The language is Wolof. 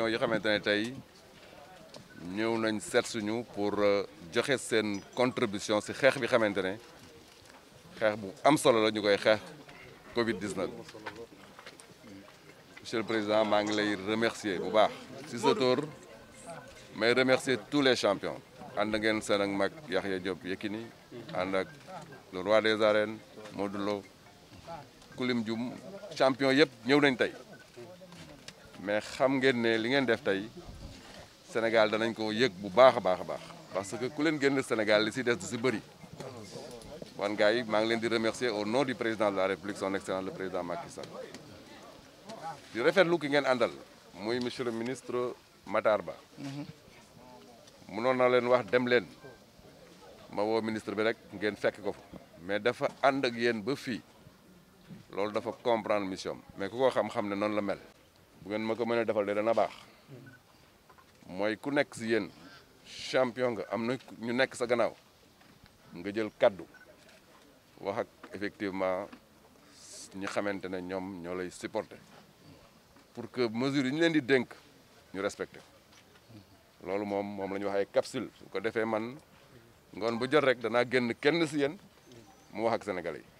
champion yi xamante ne tey nañ seet suñu pour euh, joxe sen contribution ci xex bi xamantene xex bu am solo la ñukoy xex Covid 19. Monsieur le Président maa ngi lay remercier bu baax ci ce tour mais remercier tous les champions. and ngeen seen ak mak yahya Diop Yekini and ak le roi des arènes modulo Kulim djum champion yëpp ñew nañ tay mais xam ngeen ne li ngeen def tey Sénégal danañ ko yëg bu baax a baax a baax parce que ku leen génn Sénégal li si des du si bëri wan gars yi maa ngi leen di remercier au nom du président de la République son excellence le président Macky Sall di rafetlu ki ngeen àndal muy monsieur le ministre Matar Ba mënoon na leen wax dem leen ma woo ministre bi rek ngeen fekk ko fa mais dafa ànd ak yéen ba fii loolu dafa comprendre mission mais ku ko xam-xam ne noonu la mel Bukan ngeen mana ko mën a defal de dana ku nek ci yeen champion nga am ñu nek sa gannaaw nga jël cadeau wax ak effectivement ñi xamantene ñom ñolay supporter pour que mesure yi ñu leen di denk ñu respecter lolu mom mom lañ wax ay capsule su ko defé man ngon bu jël rek dana genn kenn ci yeen mu wax ak sénégalais